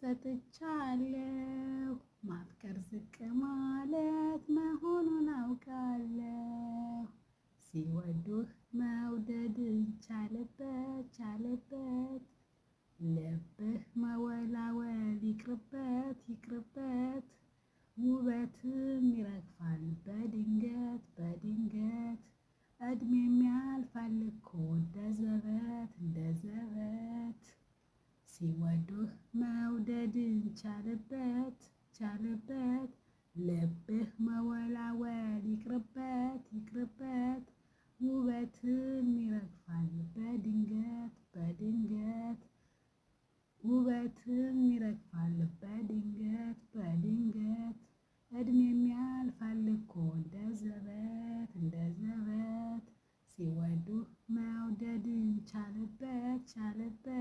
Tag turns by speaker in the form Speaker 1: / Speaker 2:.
Speaker 1: ሰጥቻለሁ ማፍቀር ዝቅ ማለት መሆኑን አውቃለሁ። ሲወዱህ መውደድ ቻለበት ቻለበት ልብህ መወላወል ይቅርበት ይቅርበት ውበትም ይረግፋል በድንገት በድንገት እድሜም ሲወዱህ መውደድን ቻለበት ቻለበት ልብህ መወላወል ይቅርበት ይቅርበት ውበትም ይረግፋል በድንገት በድንገት ውበትም ይረግፋል በድንገት በድንገት እድሜም ያልፋል እኮ እንደ ዘበት እንደ ዘበት ሲወዱህ መውደድን ቻለበት ቻልበት